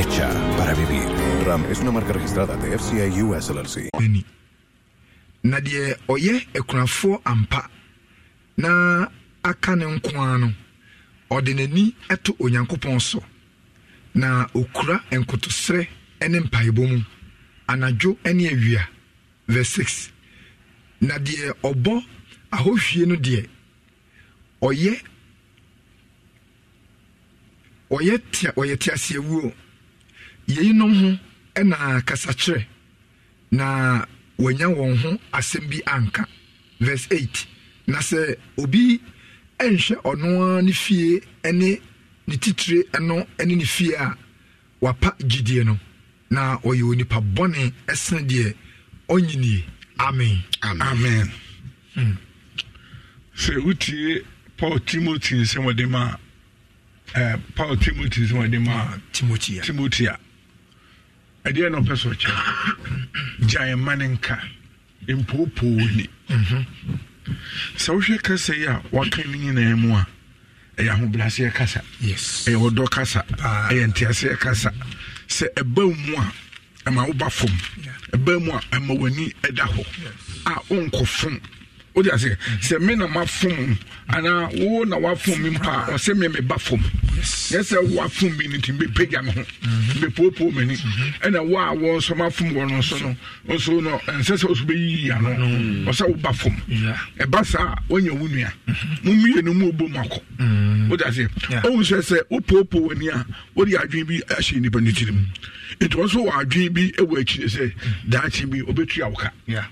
hecha para vivir. Ram es una marca registrada de FCI US LLC. Nadie deɛ ekunafo ampa na aka ne nkoa no ɔde n'ani to so na okura enkotosre ne mpaebɔ mu anadwo ne awia verse 6 nadie deɛ ahohwie no deɛ ɔyɛ ɔyɛ tia ɔyɛ tiaseawuo yɛyinom ho ɛna kasakyerɛ na wɔanya wɔn ho asɛm bi anka verse 8 na sɛ obi ɛnhwɛ ɔno ara ne fie ne ne titire ɛno ne ne fie a wapa gyidie no na ɔyɛ onipa bɔne ɛsene deɛ ɔnyinie amen amen hmm. sɛ wotie paul timothy nsɛm ɔde ma paul timothy nsɛm ɔde ma timothy a ɛdeɛ na ɔpɛ sɛ ɔkyɛ gyae ma ne nka mpoopoo ni mhm. sɛ wohwɛ kasa yi a waka no nyinaa mu a ɛyɛ ahobraseɛ kasa ɛyɛ ɔdɔ kasa ah. ɛyɛ nteaseɛ kasa sɛ ɛba mu a ɛma woba fam ɛba mu a ɛma w'ani ɛda hɔ a wonkɔ fam o de ase sɛ na ma fom ana wo na wa fom mi pa ɔsɛ mi mi ba fom yɛ sɛ wa fom mi ni ti mi pegya mi ho mi mhm. poopoo mi ni mhm. ɛna a wɔ nso wɔ nso no nso no osu bɛ yi yi ano mhm. ɔsɛ wo ba fom ɛba saa wɔnyɛ wo nua mu mmienu mu mu o de ase ɔmu sɛ sɛ o poopoo a o de bi ahyɛ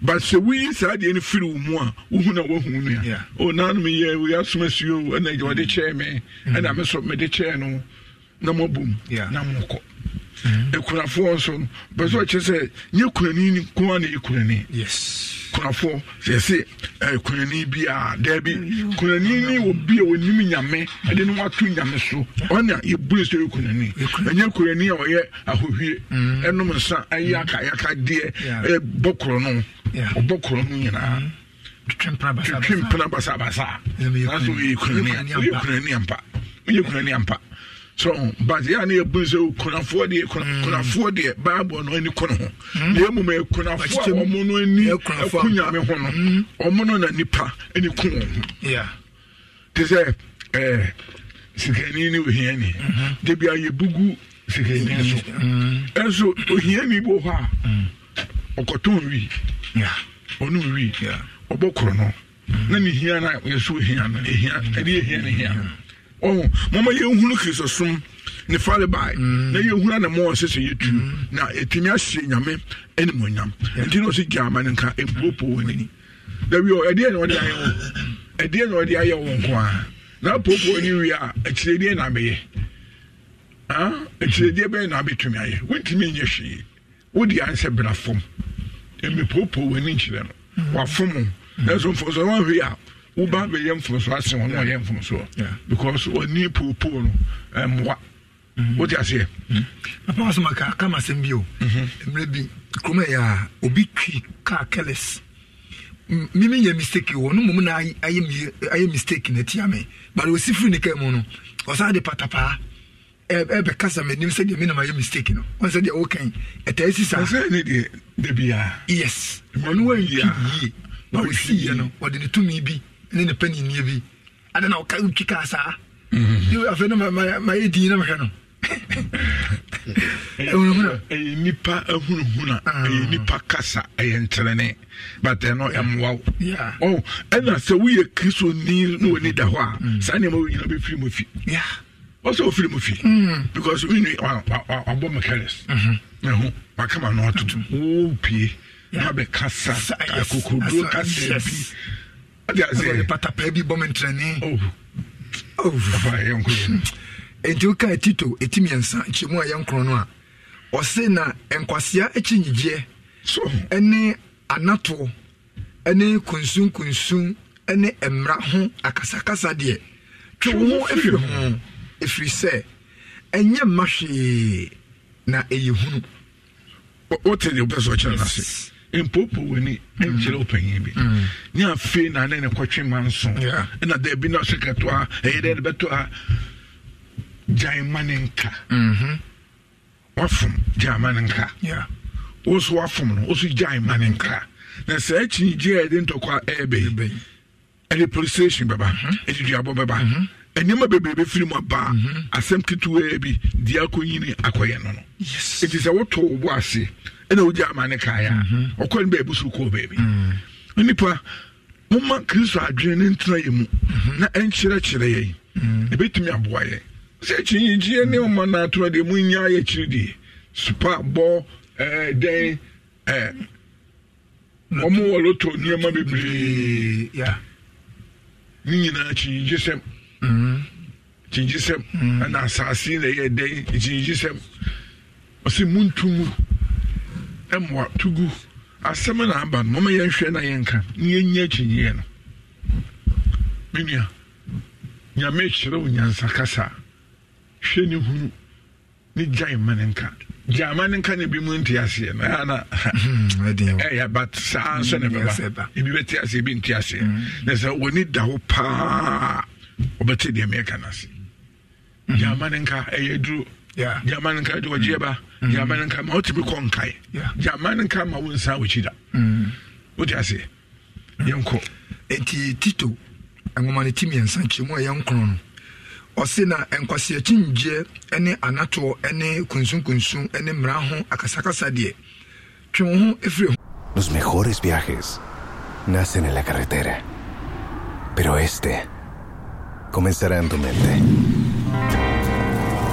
but sɛ woyi saa deɛ no firi wo mu a wohu na woahu no a o nanom yɛ woyɛasoma suo ɛna agya wɔde kyɛɛ me ɛna me so mede kyɛɛ no na moabom na mokɔ akunafoɔ nso no bɛ sɛ ɔkyerɛ sɛ nyɛ kunani nko a na yɛ kunafo yɛse kunani bi a daabi kunani ne wɔ bi a wɔnim nyame ɛde ni wato nyame so ɔne yɛbue sɛ yɛ kunani ɛnyɛ kunani a ɔyɛ ahohwie mm. ɛnom nsa ɛyɛ akayakadeɛ mm. ɛyɛ bɔkorɔ no ɔbɔkorɔ no nyinaa mm. twetwe mpena basabasa na so yɛ kunani ampa yɛ kunani ampa so but ya na ebu nso kunafoɔ deɛ kunafoɔ mm. deɛ baabɔ no ani kono ho na emu ma kunafoɔ a wɔn no ani kunyame ho no wɔn no na nipa ani kun wɔn ho te sɛ ɛɛ eh, sikani ne ohiani debi mm-hmm. ayɛ bugu sikani so ɛnso mm. eh, ohiani bɔ hɔ a ɔkɔtɔn mm. wi ɔno wi ɔbɔ koro no na ne hia na yɛ so ohia no ehia ɛde ehia ne hia ɔhu mɔmɔ yɛnhunu kristosom ne faribae mm. na yɛhunu na mɔ ɔsesɛ yɛtu mm. na ɛtumi ahyɛ nyame animonyam nti na ɔsɛ gya ama no nka ɛbuopo w'anini dabi ɔ ɛdeɛ na ɔde ayɛ wo ɛdeɛ na ɔde ayɛ wo nko a na popo ani wie a akyirɛdeɛ na abɛyɛ akyirɛdeɛ bɛyɛ na abɛtumi ayɛ wontumi nyɛ hwee wode ansɛ bra fam ɛmepoopo w'ani nkyerɛ no mm. wafom nanso mfosɛ woahwei a woba bɛyɛ mfomsoɔ asɛn wɔn na ɔyɛ because wɔni poopoo no mmoa mm-hmm. wote aseɛ mm-hmm. papa wa so ma kaa kama asɛm bi o mm-hmm. mmerɛ bi kuroma yɛ a obi twi kaa kɛlɛs mimi yɛ mistake wɔ no mom na ayɛ mistake na tia me but osi firi ne kaa mu no ɔsan de patapaa ɛbɛkasa m'anim sɛdeɛ me nam ayɛ mistake no ɔn sɛdeɛ wokan ɛtaa si saa ɔsɛ ne deɛ da biaa yes ɔno wayi yie na ɔsi yie no ɔde ne tumi bi ne ne panyinneɛ bi ade na woka wotwi kaa saa mhm. afei no mayɛ din na mehwɛ no ɛyɛ nipa ahunahuna ɛyɛ nipa ah. kasa ɛyɛ nterene but ɛno ɛmoa wo oh, ɛna sɛ woyɛ kristoni na mm. w'ani da hɔ a mm. saa nneɛma wo nyina bɛfiri mu fi ɔsɛ ɔfiri mu fi mm. because wini wabɔ mekaris mm-hmm. ɛho wakama no atoto wopie na bɛkasa akokoduro kasa bi patapaa bi bɔ me ntrɛne ɛnti woka tito ɛti miɛnsa nkyɛmu a yɛnkorɔ no a ɔse na nkwasea akyi nyigyeɛ ɛne anatoɔ ɛne kunsunkunsun ɛne mmara ho akasakasa deɛ twe wo ho ɛfiri ho ɛfiri sɛ ɛnyɛ mma hwee na ɛyɛ hunu wote deɛ wopɛ sɛ ɔkyerɛ no ase mpopo w'ani mm. nkyerɛ ɔpanyin bi mm. ne afei na ne ne kɔtwe ma nso ɛna da bi na ɔsɛ kɛto a ɛyɛ dɛ de bɛtɔ a gyan ma ne nka mm-hmm. wafom gyan ma ne nka woso wafom no woso gyan ma ne nka na saa kyinigye a yɛde ntɔkwa ɛɛbɛyi ɛde police station bɛba mm-hmm. ɛde duabɔ bɛba mm-hmm. nneɛma bebree bɛfiri mu aba asɛm ketewaa bi deɛ akɔnyini akɔyɛ no no ɛti sɛ woto wo bo ase ɛna wogye ama ne kaeɛ a mhm. ɔkɔ no baabi soro kɔɔ baabi nnipa mm. momma kristo adwene ne ntena yɛ mu mhm. na ɛnkyerɛkyerɛ yɛn ɛbɛtumi mm. aboa yɛn sɛ kyinyinkyiɛ ne ɔma no atoa deɛ monyaa yɛ kyiri deɛ supa bɔ dɛn ɔmo wɔ loto nneɛma bebree ne nyinaa kyinyigyesɛm mm. kyinyigyesɛm ɛna asase na ɛyɛ dɛn kyinyigyesɛm ɔsɛ montu mu mmoa tugu asɛm na aba no mama yɛnhwɛ na yɛnka na yɛnyi akyinyeɛ no me nua nyame kyerɛ nyansa kasa hwɛ ne hunu ne gyae ma ne nka gyama ne nka na bi mu nte aseɛ no ana hmm, ɛyɛ but saa nso ne bɛba hmm, ebi bɛte aseɛ bi nte aseɛ hmm. na sɛ wɔni da ho paa wɔbɛte deɛ meɛka no ase gyama ne nka ɛyɛ duro german nka de wɔgyeɛ ba mm. german nka ma wotumi kɔ nkae german nka ma wo nsa wɔkyi da wote aseɛ yɛnkɔ ɛnti tito ɛnwoma no tim nkyerɛmu a yɛnkorɔ no ɔse na nkwaseakyingyeɛ ne anatoɔ ne kunsunkunsun ne mmara ho akasakasa deɛ twe wo ho ɛfiri ho Los mejores viajes nacen en la carretera, pero este comenzará en tu mente.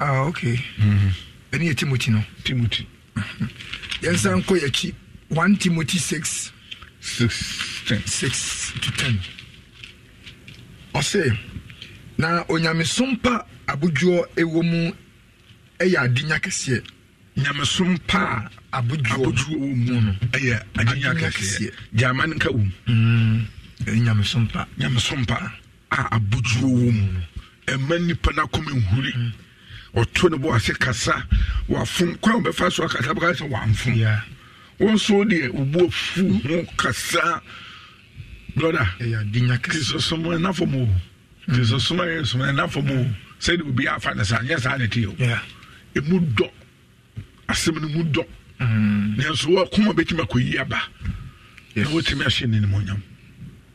ah okay ɛne yɛ timothy no timothy yɛnsa nkɔ yɛkyi 1 timothy 6 6 10 to 10 ɔse na onyamesom pa abodwoɔ ɛwɔ mu ɛyɛ adenya kɛseɛ nyamesom pa a abodwoɔ wɔ mu no ɛyɛ adenya kɛseɛ gyama no nka wɔ hmm. nyamesom pa nyamesom pa a abodwoɔ wɔ mu no hmm. ɛma nnipa no akoma nhuri mm ɔto ne bo ase kasa wafom kwan bɛfa so akasa bɛka sɛ wamfom wɔn so deɛ obu afu ho kasa brɔda mm. obi afa ne sa nyɛ saa ne te o dɔ asɛm no mu dɔ mm. nanso wɔkoma bɛtumi akɔyi aba na wɔtumi ahyɛ ne nimonyam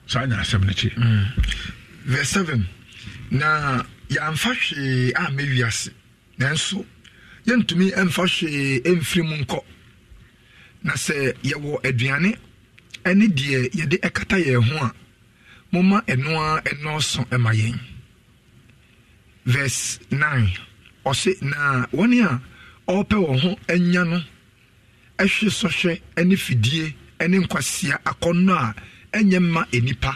saa nya asɛm no kyi mm. verse 7 na yɛamfa hwee a mɛwiase nanso yɛntumi mfa hwee mfiri mu nkɔ na sɛ yɛwɔ aduane ne deɛ yɛde ɛkata yɛn ho a momma ɛnoa ɛnɔɔso ma yɛn verse 9 ɔse na wɔne a ɔrepɛ wɔn ho anya no ɛhwe sɔhwɛ ne fidie ne nkwasia akɔnnɔ a ɛnyɛ mma nnipa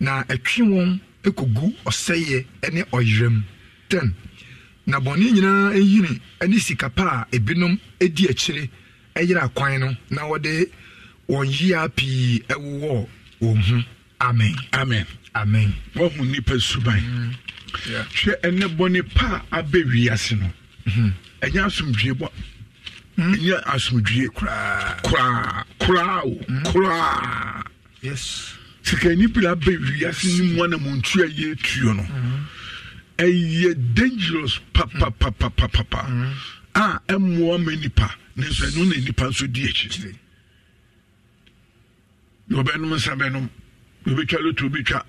na ɛtwe wɔn kɔgu ɔsɛeɛ ne ɔyerɛm 10 na bɔne nyinaa yiri ne sika pa a ebinom di akyire yere akwan no na wɔde wɔn yia pii wowɔ wɔn ho amen amen amen wahu nipa suban mm. hwɛ ɛnɛ bɔne pa a abɛ wiase no mm-hmm. ɛnyɛ asomdwie bɔ mm. ɛnyɛ asomdwie koraa koraa koraa o mm. koraa yes sika nipila abɛ wiase ne mu a na yɛ tuo no. Mm -hmm ɛyɛ dangerous papapapapapa mm. mm. a ɛmoa ma nipa ne nso ɛno na nipa nso di akyi deɛ ɔbɛnom nsa bɛnom deɛ ɔbɛtwa loto ɔbɛtwa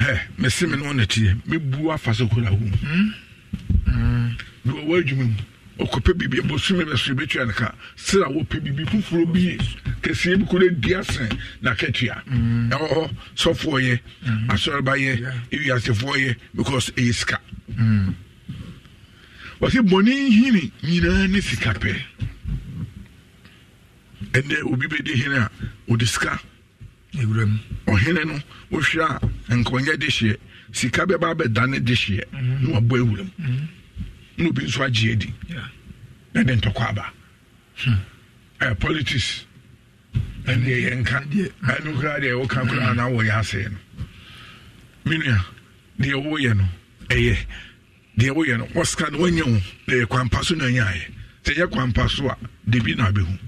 hɛ mɛseme no ɔnɛteɛ mɛbu afa so kora ho mu mm. deɛ ɔwɔ adwuma mu ɔkɔpɛ biribi bosome bɛso bɛtua no ka sra wɔpɛ biribi foforɔ bi kɛseɛ bi korɛ di asɛn na katua ɛwɔ mm. hɔ oh, oh, sɔfoɔ yɛ mm-hmm. asɔrebayɛ ewiasefoɔ yɛ because ɛyɛ e sika mm. wɔse bɔne hini nyinaa ne sika pɛ ɛnɛ obi bɛdi hene a ɔde sika ɔhene no wohwɛ a nkɔnyɛ de hyeɛ sika bɛba bɛdane de hyeɛ mm-hmm. na wabɔ awuram mm-hmm na obi nso agye edi na de ntɔkwa aba hmm. politics ɛne yɛ nka ɛnu kura deɛ ɛwɔ kura ana wɔ yɛ ase no minua deɛ wɔyɛ no ɛyɛ deɛ wɔyɛ no wɔsika no wɔnyɛ ho na yɛ kwampa so na nyɛ ayɛ sɛ yɛ kwampa so a debi na abɛhu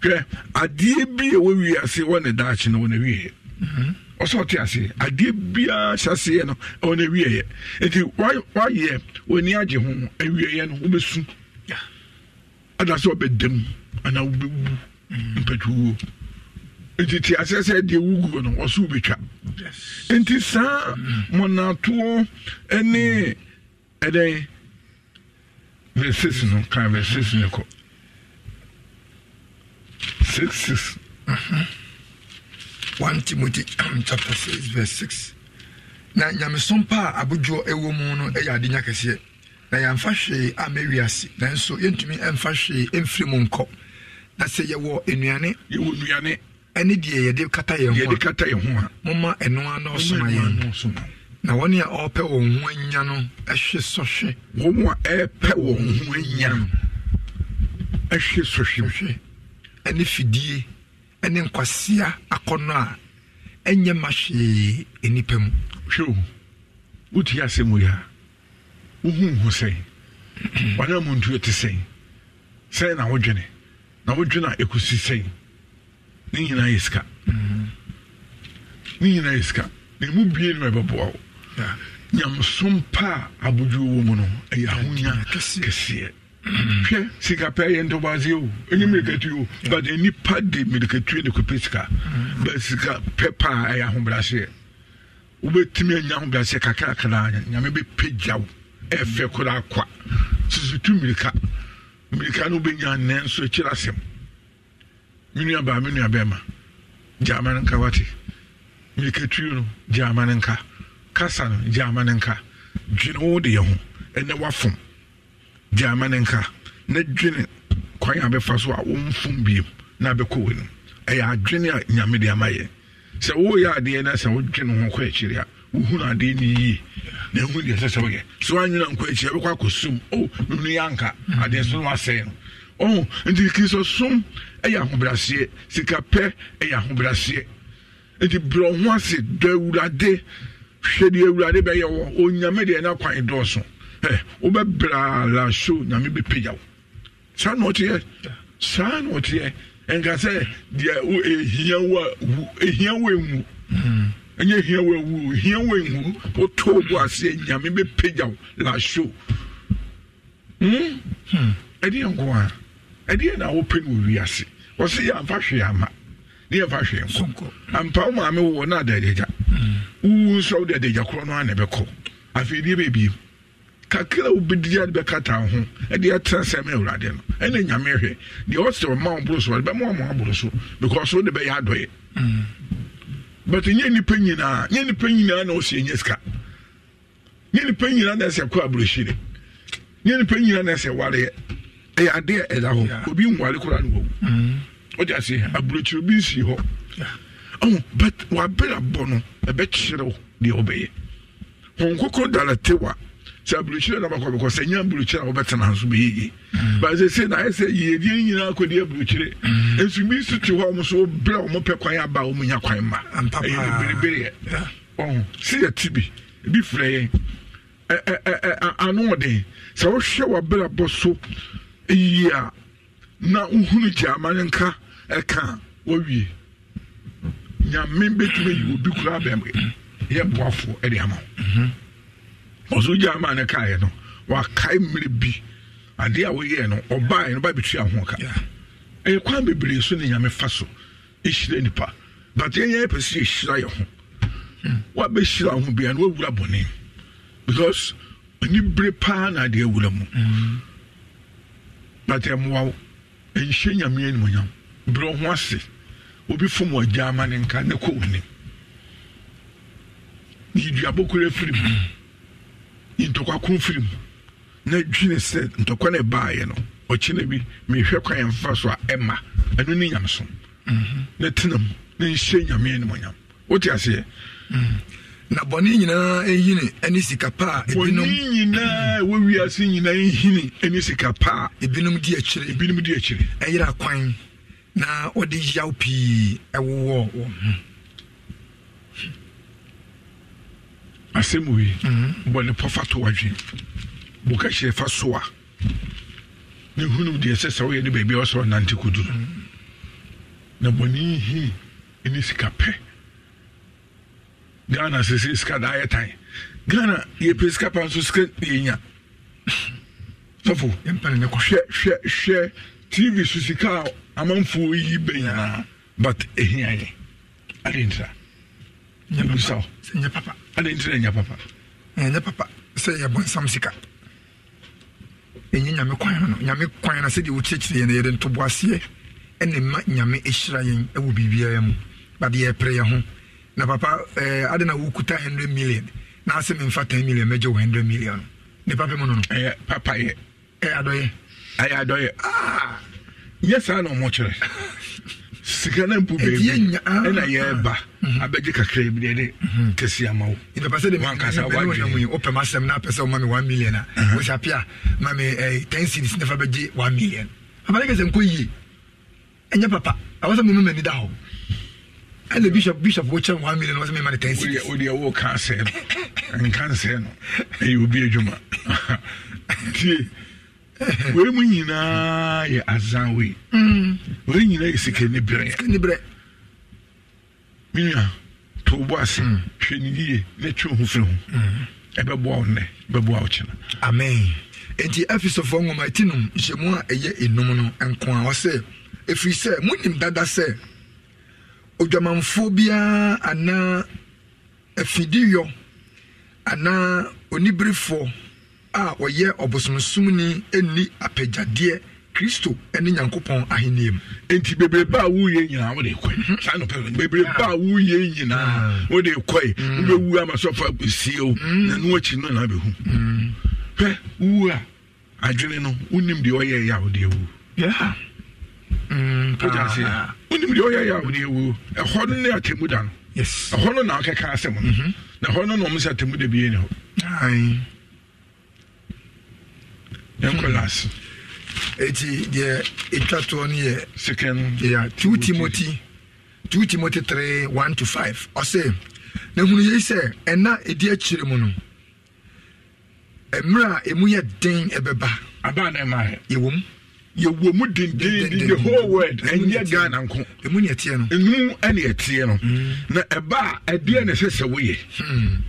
hwɛ adeɛ bi a wɔwie ase wɔ ne daakye no wɔ ne wie. Mm-hmm ɔsɛ ɔte aseɛ adeɛ biara hyɛ aseɛ no ɛwɔ no awieɛ nti wayɛ w'ani agye ho awieɛ no wobɛsu ada sɛ ɔbɛda mu anaa wobɛwu mm. mpatwuwuo nti te aseɛ sɛ deɛ woguo no ɔso wobɛtwa nti saa mm. mɔnatoɔ ne mm. ɛdɛn verses no kan verses no kɔ six six uh mm-hmm. -huh. 1 timothy chapter 6 verse 6 na nyamesom pa a abodwoɔ ɛwɔ mu no ɛyɛ adenya kɛseɛ na yɛamfa hwee ama wiase nanso yɛntumi ɛmfa hwee ɛmfiri mu nkɔ na sɛ yɛwɔ nnuane yɛwɔ nnuane ɛne deɛ yɛde kata yɛn ho kata yɛn ho a momma ɛno a na ɔsoma yɛn na wɔne a ɔrepɛ wɔn ho anya no ɛhwe sɔhwe wɔn a ɛrepɛ wɔn ho anya no ɛhwe sɔhwe ɛne fidie ne nkwasia akɔnɔ a ɛnyɛ ma hwee nipa mu. hwɛ o wotu yɛ asɛm yi a wohu nhu sɛn wɔn a mu ntuo te sɛn sɛn na wodwene na wodwene a ɛkɔsi sɛn ne nyinaa yɛ sika mhm. ne nyinaa yɛ sika na emu bie na ɛbɛboa o nyamsom pa a abodwo wɔ mu no ɛyɛ ahonya kɛseɛ. hwɛ sika pɛ yɛ ntɔbaase o ɛnyɛ mmirikatu o but nipa de mmirikatu de kɔpɛ sika mm-hmm. but sika pɛ paa ɛyɛ ahobrɛaseɛ wobɛtumi anya ahobrɛaseɛ kakrakra nyame bɛpɛgya wo ɛfɛ koraa kwa susutu mmirika mmirika no wobɛnya nnɛ nso akyiri asɛm me nuabaa me nuabɛma gya ama no nka wate mmirikatu no gya no nka kasa no gya ama no nka dwene wo de yɛ ho ɛnɛ wafom gyaama ne nka na dwene kwan a bɛfa so a wɔmfom biem na bɛkɔ wɔ nom ɛyɛ adwene a nyame de ama yɛ sɛ woyɛ adeɛ na sɛ wodwene ho kɔ akyiri a wohunu adeɛ ne yie na ɛhu deɛ ɛsɛ sɛ woyɛ so woanwena nkɔ akyiri ɛbɛkɔ akɔsom o no yɛ anka adeɛ so no wasɛe no ɔho nti kristo som ɛyɛ ahobrɛaseɛ sikapɛ ɛyɛ ahobrɛaseɛ nti brɛ ho ase dɔ awurade hwɛ awurade bɛyɛ wɔ onyame deɛ na kwan dɔɔso wobɛbrɛ la so nyame bɛpagya wo saa na ɔteɛ saa na ɔteɛ ɛnka sɛ deɛ ɛhia wo a ɛhia wo ɛnwu hmm. ɛnyɛ hia wo awu hia wo ɛnwu wotoo bo aseɛ nyame bɛpagya wo la so hmm? hmm. ɛdeɛ nko a ɛdeɛ na wopɛ no wɔ wiase ɔse yɛamfa hwee ama ne yɛmfa hwee nkɔ ampa wo maame wowɔ no na wowu nso a wode adagya korɔ no a na ɛbɛkɔ afei deɛ bɛbiem kakra wobɛdidi ade bɛkata ho ɛde ɛtena sɛ me awurade no ɛne nyame hwɛ deɛ ɔsɛ ɔma wo so ɔde bɛma ɔma aboro so because wode bɛyɛ adɔyɛ but nyɛ nipa nyinaa nyɛ nipa nyinaa na ɔsɛ nyɛ sika nyɛ nipa nyinaa na ɛsɛ kɔ aburohyire nyɛ nipa nyinaa na ɛsɛ wareɛ ɛyɛ adeɛ ɛda hɔ obi nware koraa no wɔwu wode mm-hmm. ase aburokyire bi nsi hɔ ɔmo but wabrɛ abɔ no ɛbɛkyerɛ wo deɛ wobɛyɛ wɔn kokoro dala tewa sɛ aburukyire na bakɔ bɛkɔ sɛ nya aburukyire a wɔbɛtena nso bɛyɛ yie but sɛ sɛ na ayɛ sɛ yiedie nyinaa kɔdi aburukyire mm. nso bi nso te hɔ ɔmo so berɛ ɔmo pɛ kwan aba ɔmo nya kwan ma ɛyɛ berebereɛ ɔho sɛ yɛ ti bi ebi firɛ yɛn ano ɔden sɛ wohwɛ w'abrabɔ so yie a na wohunu gye amanenka ɛka wɔwie nyame bɛtumi yi obi koraa bɛm yɛ boafoɔ ɛde ama wo mm-hmm ɔso gya ma ne kaeɛ no wakae mmerɛ bi adeɛ a woyɛɛ no ɔbaeɛ no babɛtua ho ka ɛyɛ kwan bebree so ne nyame fa so ɛhyira nipa but yɛnyɛ pɛ sɛ yɛhyira yɛ ho hmm. woabɛhyira wo ho bia no woawura bɔne because anibere paa na adeɛ awura mu hmm. but ɛmmoa wo ɛnhyɛ nyame animonyam berɛ ho ase obi fom agya ama ne nka ne kɔ wo nim ne yɛduabɔkora firi mu hmm ntɔkwa ko firi mu na dwene sɛ ntɔkwa no ɛbaeɛ no ɔkyi no bi mehwɛ kwan mfa so a ɛma ɛno ne nyamesom mhm. na tena mu na nhyɛ nyame animonyam wote aseɛ mhm. na bɔne nyinaa ɛhini ɛne sika pa a ebinom nyinaa ɛwɔ wiase nyinaa ɛhini ɛne sika pa a ebinom di akyire ebinom di akyire ɛyera kwan na wɔde yaw pii ɛwowɔ wɔ ho asɛm wei mhm. bɔ ne pɔfa to wadwe boka kyerɛ fa so a ne hunum deɛ sɛ sɛ woyɛ ne baabi a wɔ sɛ ɔnante kɔduru mhm. na bɔne hii ne sika pɛ ghana sɛsɛ sika da ayɛ tan ghana yɛpɛ sika pa nso sika yɛnya sɔfo hwɛhwɛhwɛ tv so sika a amanfoɔ yi bɛ nyinaa but ɛhia yɛ adentra nyɛ nyɛ papa ɛna ntira nyɛ papa nyɛ papa sɛ yɛbɔ nsam sika ɛnyɛ nyame kwan no nyame kwan no sɛdeɛ wokyerɛkyerɛ yɛ no yɛde ntobo aseɛ ɛne ma nyame ɛhyira yɛn mu bade yɛpere yɛ ho na papa ɛɛ na wokuta hundred million na asɛ memfa million mɛgye hundred million no papa mu papa yɛ ɛyɛ adɔyɛ ɛyɛ adɔyɛ aa ah! yɛ saa na sika na mpu baabi ah. ɛna yɛreba mm-hmm. abɛgye kakra bi deɛ de mm-hmm. kɛsi ama wo nnipa sɛ dewankasa wadwene wopɛ masɛm na apɛ sɛ woma me 1 million a uh-huh. wɔsape a ma me 10 eh, cities nafa bɛgye 1 million abane kɛ sɛ nkɔ yie ɛnyɛ papa ɛwɔ sɛ meme m'ani da hɔ ɛna bishop bishop wɔkyɛ 1 million wɔ sɛ mema ne 10 cities wodeɛ woka sɛ no nka nsɛ no ɛyɛ obi adwuma tie wei mu nyinaa yɛ azan wei mm. wei nyinaa yɛ sika ne berɛ to bɔ ase mm. hwɛ ne twe ho firi ho mm. ɛbɛboa wo nnɛ bɛboa wo kyena amen enti afisofoɔ nwoma ɛti nom nhyɛmu a ɛyɛ enum no nko a ɔsɛ ɛfiri sɛ monim dada sɛ odwamanfoɔ biara anaa afidiyɔ anaa oniberefoɔ a wɔyɛ ɔbosomsomni ni apagyadeɛ kristo nyankopɔn nti a wuyɛ nyinaa mhm. saa nɔpɛ a wuyɛ nyinaa mm. mm. o de kɔɛ o bɛ wu ama o na nu akyi no na bɛ mm. a adwene no deɛ a wonim deɛ a wode ɛhɔ no ne da na wokɛka asɛm no mhm. na ɛhɔ na ɔm sɛ yɛnkɔ las hmm. eti deɛ etwa toɔ no yɛ second yeah, two timothy two timothy three one to five ɔsɛ na hunu yei sɛ ɛna edi akyire mu no mmerɛ a emu yɛ den ɛbɛba abaa na ɛma yɛ yɛwɔ mu yɛwɔ mu dendenden the whole world ɛnyɛ ghana nko emu ni ɛteɛ no emu ɛni ɛteɛ no hmm. na ɛbaa ɛdeɛ na ɛsɛ sɛ woyɛ. Hmm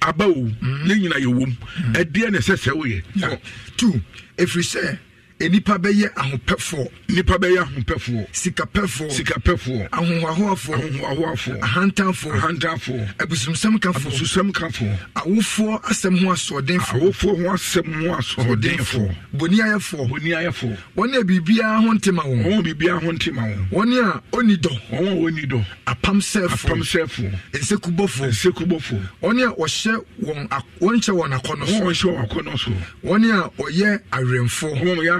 aba o mm-hmm. ne nyina yɛ wɔm mm-hmm. ɛdeɛ na ɛsɛ sɛ woyɛ two ɛfiri sɛ Eh, nipa bɛyɛ ahopɛfoɔ nipa bɛyɛ ahopɛfoɔ sikapɛfoɔ sikapɛfoɔ ahohoahoafoɔ ahohoahoafoɔ ahantanfoɔ ahantanfoɔ abusumsɛm kafoɔ abusumsɛm kafoɔ awofoɔ asɛm ho asoɔdenfoɔ awofoɔ ho asɛm ho asoɔdenfoɔ boniayɛfoɔ boniayɛfoɔ wɔn a biribiara ho ntema wɔn wɔn a biribiara ho ntema wɔn wɔn a oni dɔ wɔn a oni dɔ apamsɛfoɔ apamsɛfoɔ nsekubɔfoɔ nsekubɔfoɔ wɔn a wɔhyɛ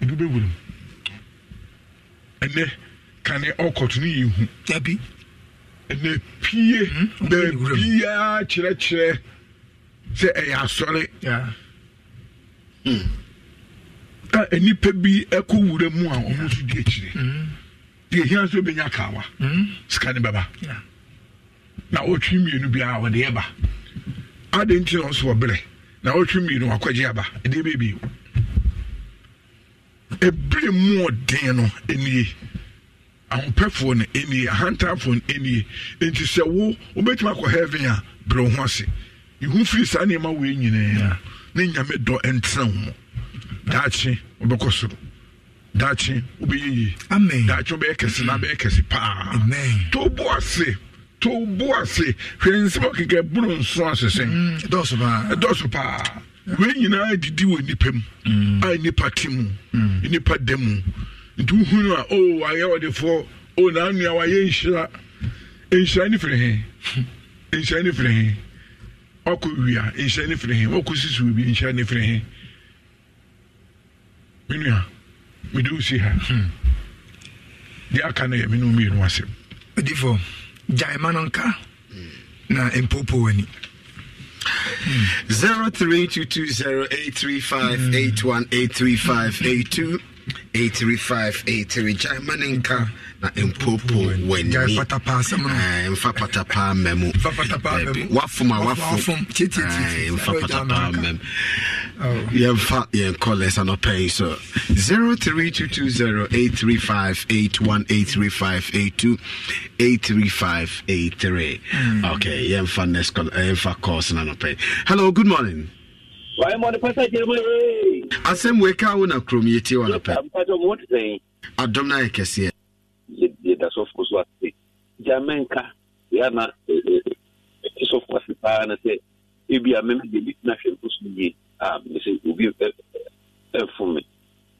ebi bɛ wuru ɛnɛ kane ɔkɔto ne yɛ hu dabi ɛnɛ pie baabiaa kyerɛkyerɛ sɛ ɛyɛ asɔre a nnipa bi ɛkɔ e wura mu a ɔno nso di akyire hmm. deɛ hia nso bɛnya kawa hmm. sika ne bɛba na ɔtwe mmienu biara wɔde ɛba ade nti na ɔso ɔbrɛ na ɔtwe mmienu wakɔgye aba ɛdeɛ bɛbio ebire mu ɔden no enie ahopɛfoɔ no enie ahantanfoɔ no enie nti sɛ wo wobɛtumi akɔ heaven a bere wo ho ase ihu firi saa nneɛma wei nyinaa ne nyame dɔ ntena wo mu daakye wobɛkɔ soro daakye wobɛyɛ yie amen daakye wobɛyɛ kɛse na bɛyɛ kɛse paa amen tobo ase tobo ase hwɛ nsɛm ɔkeka boro nso asesɛn mm, ɛdɔɔso paa ɛdɔɔso paa wei nyinaa didi wɔ nipa mu mm. a nipa ti mu mm. nipa da mu nti wohunu a o oh, ayɛ ɔdefoɔ o oh, naanua wayɛ nhyira nhyira ne firi he nhyira ne firi he ɔkɔ wia nhyira ne firi he ɔkɔ sisi obi nhyira ni firi he menua mede wo si ha hmm. deɛ aka no yɛ me no mmienu asɛm adifo gyae na mpopo w'ani Zero three two two zero eight three five eight one eight three five eight two. 83583 gyae ma ne nka na mpopo w'animfa patapaa mma mu wafom a wafomfa patapaa mma mu yɛmfa yɛn kɔlɛs anɔpɛi so 03220835818358283583 mm. okay yɛmfa next call yɛmfa calls na anɔpɛi hello good morning asɛm wei ka wo na kurom yɛtie wɔ anapɛ adɔm no ayɛ kɛseɛ yɛda sɔfoɔ so ase gya mɛnka yɛana sɔfoɔ ase paa na sɛ ebia mɛmɛ deɛ mɛtumi ahwɛ mpo so yie a mesɛ obi ɛmfo me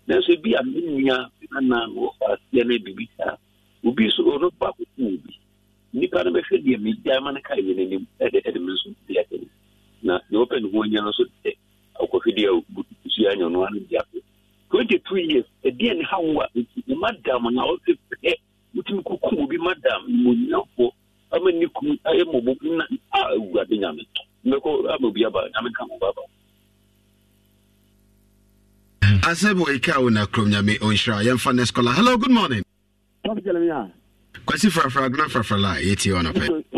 nanso ebi a me nua nana wɔ aseɛ no biribi saa obi so ɔno ba koko obi nnipa no bɛhwɛ deɛ megya ma no ka yɛ n'anim ɛde ɛde me nso deɛ na deɛ wɔpɛ ne ho nya no so deɛ ɔkɔhwɛde a busua nyɛ ɔno ano diabe twenty two years ɛdeɛ ne ha a nti ne madam na ɔsɛ pɛ wotumi kɔkum obi madam mmonyinafoɔ ama ne kunu ayɛ mmɔbɔ na a awurade nyame mɛkɔ ama obi aba nyame ka mo baba asɛm ɛka wo na kurom nyame ɔnhyira yɛmfa ne scolar hello good morning kwasi frafra gona frafra la yɛtie ɔnɔpɛ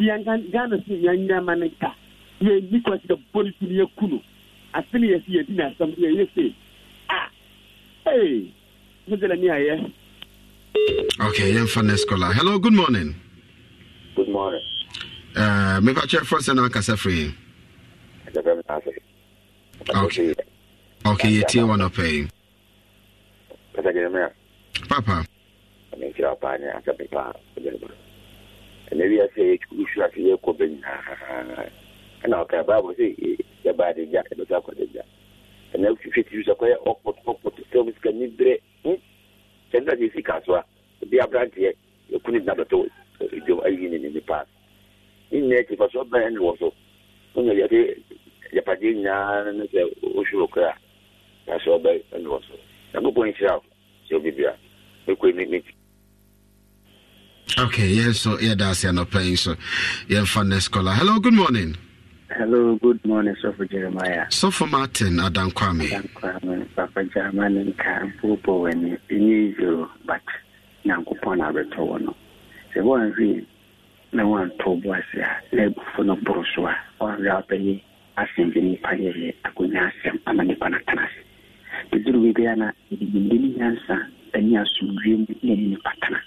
nti yɛnka ghana sɛ yɛanya ma no nka yɛni kwa sika polisi no yɛku no ase ne yɛsɛ yɛdi ne asɛm so yɛyɛ se a ee mosɛla ne ayɛ okay yɛmfa next caller hello good morning good morning uh, mepa kyerɛ frɛ sɛ no ankasa firi okay okay yɛtie wɔ nɔpɛi papa na bi ase yɛ kusu ase yɛ kɔ bɛ nyinaa ɛna ɔka baabɔ sɛ yɛ baa de gya ɛbɛsɛ akɔ de gya ɛna fifi ti sɛ kɔyɛ ɔkpɔtɔ ɔkpɔtɔ sɛ ɔmo sika nibrɛ n kyɛn sɛ yɛ sika so a ebi aberanteɛ eku ne nadɔtɔ edwom ayi ne ne ne paas ne nyinaa ti faso bɛn ɛna wɔ so ɔnyɛ yɛde yapadeɛ nyinaa ne sɛ osuo kora faso bɛn ɛna wɔ so na gbogbo nhyira sɛ obi bia ekɔ ne ne ti. Okay, yes, so yeah, that's yeah, no paying. So, yeah, fun next caller. Hello, good morning. Hello, good morning, Sofa Jeremiah. Sofa Martin, Adam Kwame. Adam Kwame, Papa German, and Kampupo, and you you, but Nankupon Abetono. The one thing, no one told was a label for no brochure. or rapidly asking Paye, Akunasam, Amanipanatas. The Drubiana, the Indian answer, and Yasum Dream in Patana.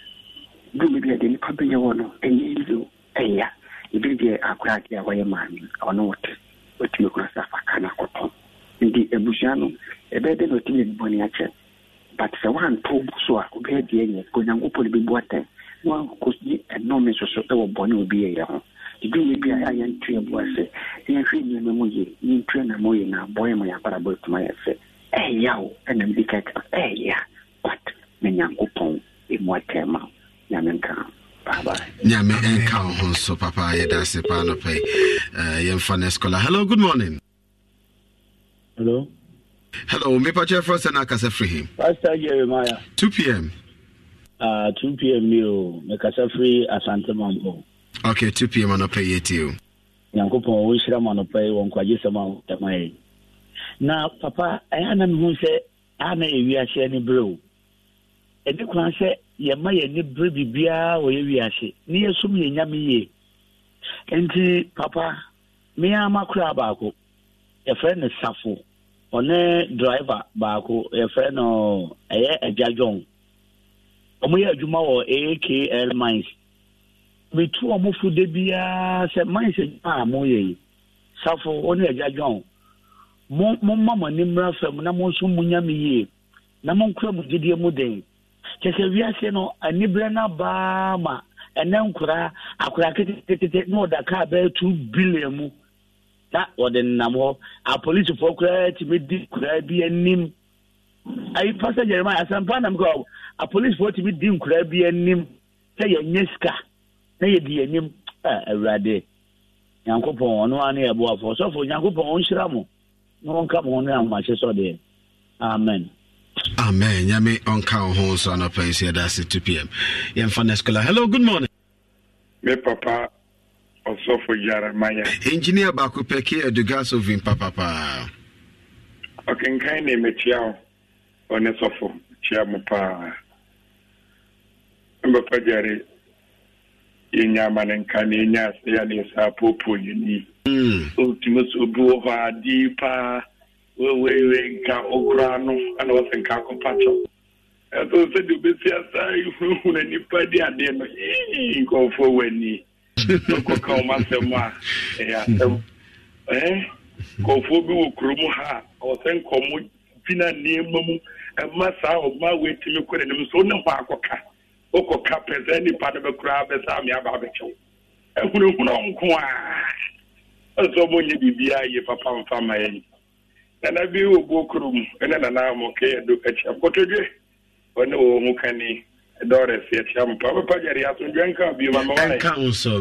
dum bi de nipa bɛyɛ wɔ no ɛnyɛ yizo ɛnya ebi deɛ akora adeɛ a wɔyɛ maame ɔno wɔte wɔtumi kura afaka no ebe na ɔtumi yɛ bɔne akyɛ but sɛ woantɔ bu so a wobɛyɛ deɛ nyɛ onyankopɔn no bɛbu atɛn na wakɔsi ɛnɔme soso ɛwɔ bɔne obi yɛyɛ ho bi a ase nneɛma mu yɛ na mu yɛ na abɔyɛ ma yɛabrabɔ yɛ sɛ ɛyɛ wo but nyame nka nyame ɛnka wo ho nso papa yɛda ase paa nɔpɛ eh, yɛmfa no scola hello good morning hello hello mepa kyerɛ frɛ sɛ no akasa firi he pastor jeremia 2 pm uh, ah, 2 pm ni o mekasa firi asante mampo okay 2 pm anɔpɛ yɛti o nyankopɔn wonhyira ma anɔpɛ wɔ nkwagye sɛm a wotama na papa ɛyɛ na mehu sɛ a na ɛwiaseɛ ne berɛ o ɛne kora sɛ yɛma yɛn ni bere biribiara wɔyɛ ni ne yɛsom yɛn nyame yie nti papa mmea ama koraa baako yɛfrɛ no safo ɔne driver baako yɛfrɛ no ɛyɛ agya john wɔyɛ adwuma wɔ akl mines metu wɔn fo de biara sɛ mines adwuma a moyɛ yi safo ɔne agya john mo mo mma mo ani mmra fam na mo nso mo nyame yie na mo nkura mo gyidie mu den kyɛ sɛ wiase no aniberɛ no baa ma ɛnɛ nkoraa akoraa keteketete na ɔda kaa bɛyɛ two billion mu na wɔde nam hɔ apolisifoɔ koraa tumi di nkoraa bi anim ayi pastor jeremiah asampa nam kɔ apolisifoɔ tumi di nkoraa bi anim sɛ yɛnyɛ sika na yɛdi anim awurade nyankopɔn ɔno a ne yɛboafoɔ sɔfo nyankopɔn ɔnhyira mo na wɔnka mo ho ne sɔdeɛ amen amen nyame ɔnka wo ho so a yi sɛ yɛda ase 2 pm yɛmfa no skola hello good morning me papa ɔsɔfo yaramaya engineer baako pɛ ke adugaso vim papapaa ɔkenkan ne mekyia wo ɔne sɔfo kyia mo paa mbɛpa gyare yɛnya amane nka ne yɛnya asɛ yɛ ne yɛsaa poopoo yɛni hmm. ɔtumi sɛ obi wɔ hɔ adii wewee nka okura ano ɛna wɔsɛ nka akɔpakyɛw ɛsɛ dị obɛsi asa huhuna nipa de adeɛ no nkɔɔfoɔ w'ani ọma wɔm asɛm a ɛyɛ asɛm nkɔɔfoɔ bi wọ kurom ha a ɔsɛ nkɔmmo gyina nneɛma mu saa nipa a ya papa mfa ma nana bi wɔ buo kurom ɛna nana mo kɛyɛ do akyi akɔtɔdwe ɔne wɔ mu kani dɔres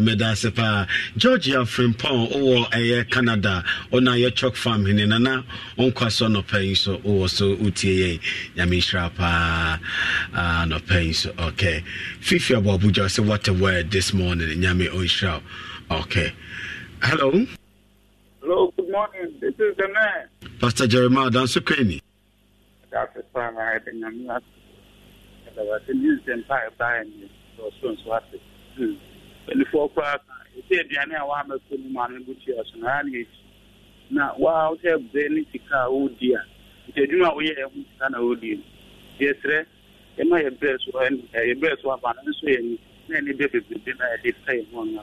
meda ase georgia frimpon wowɔ ɛyɛ canada ɔna yɛ farm hene nana ɔnkwa so nɔpa yi so wowɔ so wotie yɛ nyame nhyira what a word this morning nyame ɔnhyira ok hello hello good morning this is the man pastor jeremiah danso kwani panifoɔ koraa ka ɛsɛ aduane a waamɛkɔ no mu ano bo tua so naa ne akyi na waa wosɛ brɛ ne sika a wodi a nti adwuma a woyɛ ɛho sika na wodi no yɛserɛ yɛma yɛbrɛ so yɛbrɛ so aba no nso yɛni na ɛne bɛ bebrebe na yɛde ka yɛ ho ana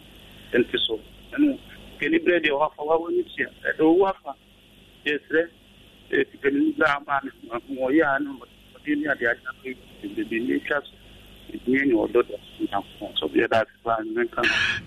ɛnte so ɛno kani berɛ deɛ wafa wawa no tia ɛde wo wafa kyerɛsrɛ tipanini bra ama no wɔyɛ a no ɔde ne ade agya bebree ne twa so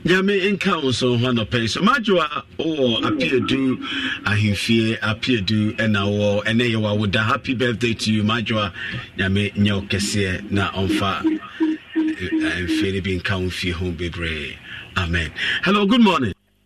nyame nka wo so ho anɔpɛ so madwo a wowɔ apeadu ahemfie apeadu ɛna wɔ ɛnɛ yɛwɔ a happy birthday to you madwo a nyame nyɛ wo kɛseɛ na ɔmfa eh, eh, ahemfie no bi nka wo mfie ho bebree amen hello good morning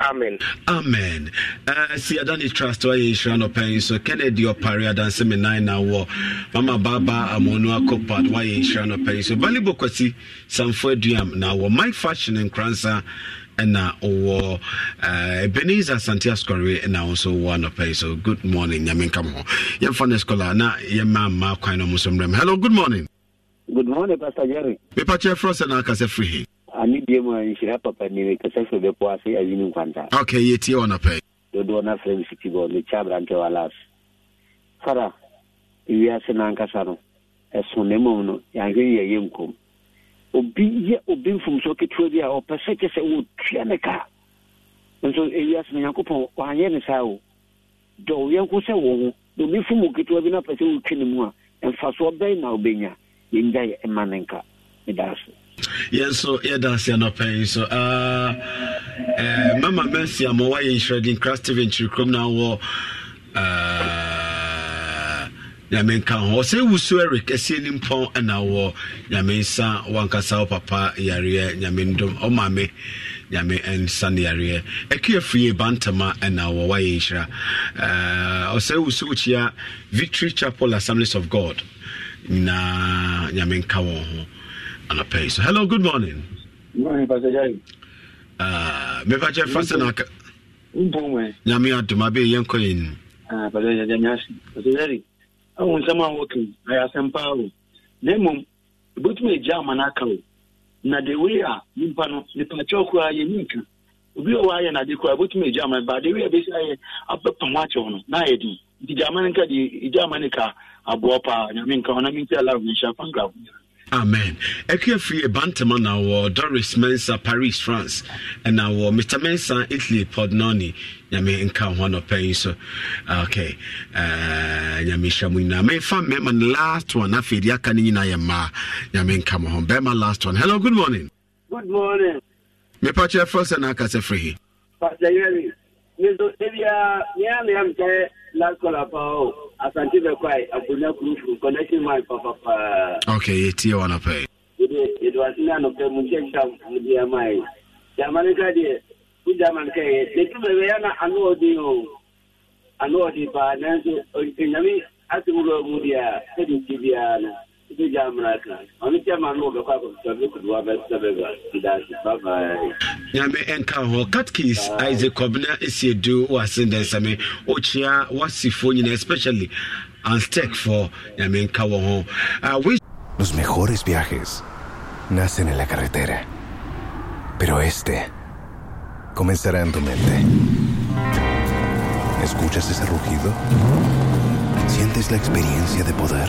amen amen uh, si adane trust wayɛ nhyira nɔpɛ yi so kennedy ɔpare adanse me nine na wɔ mama baba amonu akopad wayɛ nhyira nɔpɛ yi so valibo kwasi samfo aduam na wɔ my fashion nkransa ɛna wɔ uh, ebenezer asante asɔre ɛna nso wɔ anɔpɛ yi so good morning nyame nka mo ho yɛmfa no skola na yɛma mma kwan no mu so mmerɛ m hello good morning good morning pastor jerry mepa kyerɛ frɛ sɛ na aka sɛ yie mu a nhyira papa ni mekasa hwɛ bɛpɔ ase awini nkwanta ok yɛtie wɔ nɔpɛ dodoɔ no afrɛ siti bɔ mekyɛ aberantɛ wɔ alas fara ewiase no no ɛso na mmom no yɛanhwɛ yɛyɛ nkɔm obi yɛ obi mfomso ketewa bi a ɔpɛ sɛ kyɛ sɛ wɔtua ne ka nso ewiase no nyankopɔn wanyɛ ne saa o dɔ wo yɛnko sɛ wo ho na obi fom wo ketewa bi no apɛ sɛ wotwe ne mu a ɛmfasoɔ bɛn na wobɛnya yɛngya ɛma ne nka medaaso yɛn nso yɛda ase anɔpɛ yi so eh, uh, eh, mama mercy ama ọwa nhyirɛden kra steven kyirikrom na wɔ nyame nka ho ɔsɛ wusu eric ɛsie ne ɛna wɔ nyame nsa wankasa wo papa yareɛ eh, nyame ndom ɔmaame nyame nsa ne yareɛ ɛku afie bantama ɛna wɔ wayɛ nhyira ɔsɛ wusu wokyia victory chapel assemblies of god na nyame nka anapɛi so hello good morning mepa kyɛ fa sɛ naka nyame adom abɛ yɛnkɔ yɛnim ɛwo a wɔka ɛyɛ asɛm paa o na mmom ɛbɛtumi agya ama no aka o na de wei a nipa no nipa kyɛw koraa yɛni nka obi a wɔayɛ nade koraa ɛbɛtumi agya ama no ba de wei a bɛsi ayɛ abɛpa akyɛw no na ayɛ din nti gya ama no nka deɛ ɛgya ama no ka aboa paa nyame nka ɔnam nti ala wo nhyɛ apankrafo nyina amen ɛkua firi bantama na wɔ doris mensa paris france ɛna e wɔ mr mensa italy podnoni nyame nka ho anɔpa yi so ok uh, nyame hyɛ mu nyinaa memfa mmarima no last one afei de aka no nyinaa yɛ mmaa nyame nka mo ho bɛrima last one hello good morning good morning mepa kyerɛ fɔ sɛ na akasɛ firi he pastor yɛri meso ebia mea na yɛmkyɛ last call apa o asante bɛ kɔ ayi akonya kurufuru connection man papa paa. ok yɛ tie wɔn apɛ. yɛde yɛde wa sinna nɔfɛ mu nkyɛn kyerɛ mu di ɛma yi jamani ka deɛ ko jamani ka yɛ ne tuma bɛ yanna anu ɔdi o anu ɔdi paa nanso onyami asimu dɔ mu di a ti bi a na. ti gya mmara ka ɔno ti ama no wɔbɛkɔ akɔsɔ bi kudu wabɛsɛ bɛba ndaase babae nyame ɛnka hɔ catkins isaac kɔbena ɛsi edu wɔ ase ndɛnsɛme wokyea wasifoɔ nyina especially anstekfoɔ nyame nka wɔ ho uh, Los mejores viajes nacen en la carretera, pero este comenzará en tu mente. ¿Escuchas ese rugido? ¿Sientes la experiencia de poder?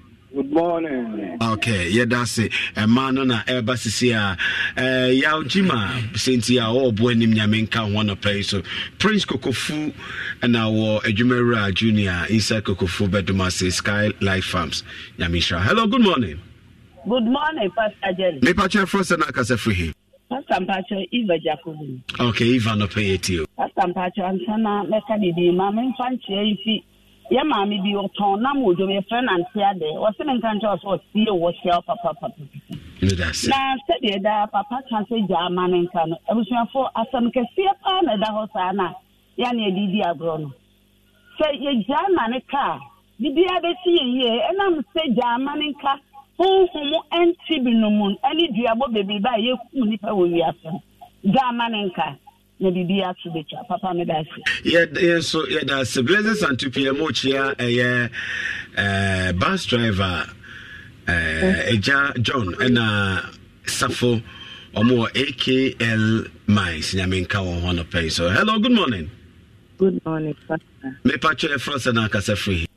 Good morning. Okay, yeah, that's it. A man on a Elba eh, Yao Jima, since you are all born in Yaminka, one of play. So Prince Kokofu and our Ejumera Junior inside Kokofu Bedumasi Sky Life Farms, Yamisha. Hello, good morning. Good morning, Pastor Jerry. Me Pacha Frost and for him. Pastor Mpacho, Eva Jacobin. Okay, Eva, no pay it to you. Pastor Mpacho, and Sana, Mekanibi, Mamin Fanchi, yɛ maame bi ɔtɔn nam wɔ dwom yɛfrɛ nante adɛ wɔse ne nka nkyɛ ɔsɛ ɔtie wɔhyia wo papapapa na sɛdeɛ daa papa ka sɛ gyaa ma ne nka no abusuafoɔ asɛm kɛseɛ paa na ɛda hɔ saa no a yɛane ɛdidi agorɔ no sɛ yɛgyaa ma ne ka a biribiaa bɛkyi yɛ yie ɛnam sɛ gyaa ma ne nka honhom ɛnte bi ɛne duabɔ bebrebe a yɛkum nnipa wɔ wiase gyaa ma ne nka na biribi ato bɛkya papa me da ase yɛ nso yɛda ase blessing santopia ma ɔkyia ɛyɛ bus driver agya john ɛna safo ɔmo wɔ akl mines nyame nka wɔn hɔ no pɛi so hello good morning good morning pastor mepatwɛ ɛfrɛ sɛ no akasa firi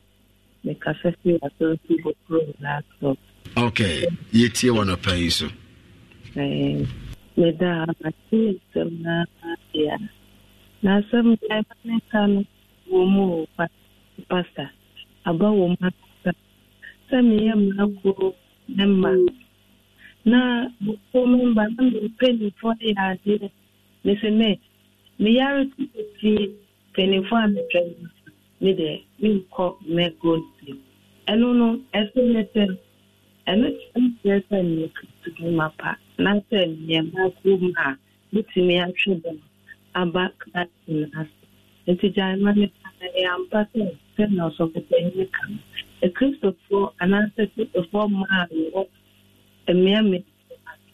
mekasa firi asɔrɔsi bɔkuro laasɔ okay yɛtie wɔ no pɛi so meda mate nsɛm na ya na asɛm ɛmɛka no wɔ mu pasta aba mma ne na bɔkɔ na mempanyimfoɔ yɛ adeɛ me sɛ me meyare tie mpanyimfoɔ a metwa mu me deɛ menkɔ mɛgo nsɛm ɛno no ɛsɛ ne sɛ ɛno kyerɛ sɛ meyɛ kristo na mma a aba klaasị ase nti gya ma ne pata yɛ ampa sɛ sɛ na ɔsɔfopanyin ka no akristofoɔ anaasɛ kristofoɔ mmaa a wɔwɔ mmea mmea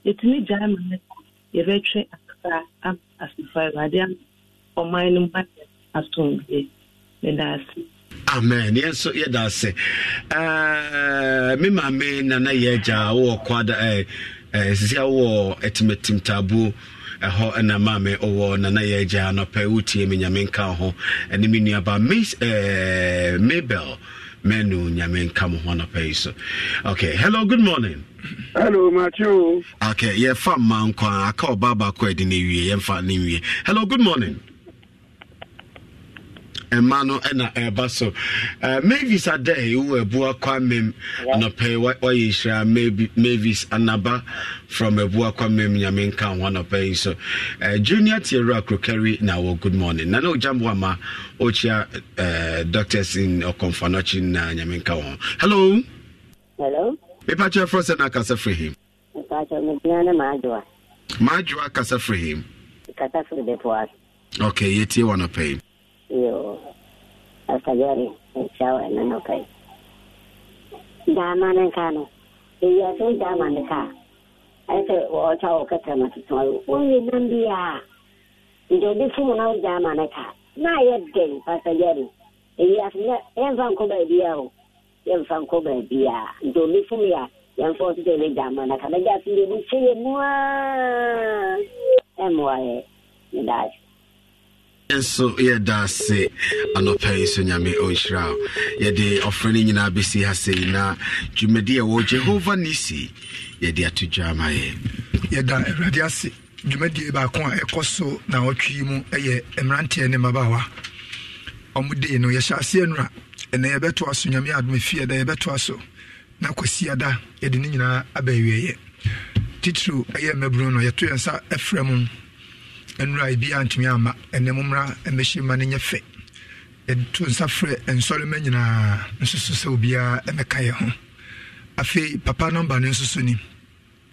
yɛtumi gya ma ne ka yɛbɛtwe akra aba asefa awurade ama ɔman no mma yɛ asomdwe meda ase amen yɛn nso yɛda ase me maame nana yɛ agya wowɔ kwada sisi a wowɔ ɛtimatim taaboo ɛhɔ na maame ɔwɔ nana yɛ agya anɔpɛ wotie me nyame nka ho ɛne me nuaba miss eh, mabel menu nyame nka mo ho anɔpɛ yi so ok hello good morning hello matthew okay yɛfa mma nkwa aka ɔba baako adi ne wie yɛmfa ne wie hello good morning mma no na ɛreba so mavis ada ɛwɔ abua kwamem anɔpɛ wayɛ nhyira mavis anaba from abua kwamem nyame nka ho anɔpɛ yi so junior tiɛru akrokari na wɔ good morning nana ogyambo ama ɔkyia doctors in ɔkɔmfanɔkyi na nyame nka ho hello hello mepakyɛ frɔ sɛ no akasa firi him maadwoa kasa firi him okay yɛtie wɔ anɔpɛ yi hiyo askajari chawa nano kai dama nan kano iya sai dama nan ka ai sai o chawo ka ta mata to wani nan biya idan duk kuma na dama nan ka na yadda fasajari iya sai yan fan ko bai biya o yan fan ko bai biya domin fun ya yan fa su dai dama nan ka da ya fi ne mu ce mu a ai mu ai ni da nso yɛda ase anɔpa yi so nyame ɔnhyira o yɛde ɔfrɛ no nyinaa bɛsi ha sɛi na dwumadi ɛwɔ jehova nisi yɛde ato dwa ma yɛ yɛda awurade ase dwumadie baako a ɛkɔ so na ɔtwe mu yɛ mmeranteɛ ne mmabaawa ɔmodei no yɛhyɛ aseɛ nora ɛnɛ yɛbɛtoa so nyame adom fie da yɛbɛtoa so na kwasi ada yɛde ne nyinaa aba awieɛ titiriw ɛyɛ mmabunu no yɛto yɛ nsa ɛfrɛ mu nnura bi antumi ama ɛnna mmomra mmɛhyɛ ma no nyɛ fɛ yɛto nsa frɛ nsɔrema nyinaa nsoso sɛ obiara ɛmɛka yɛ ho afei papa nɔmba no nsoso nim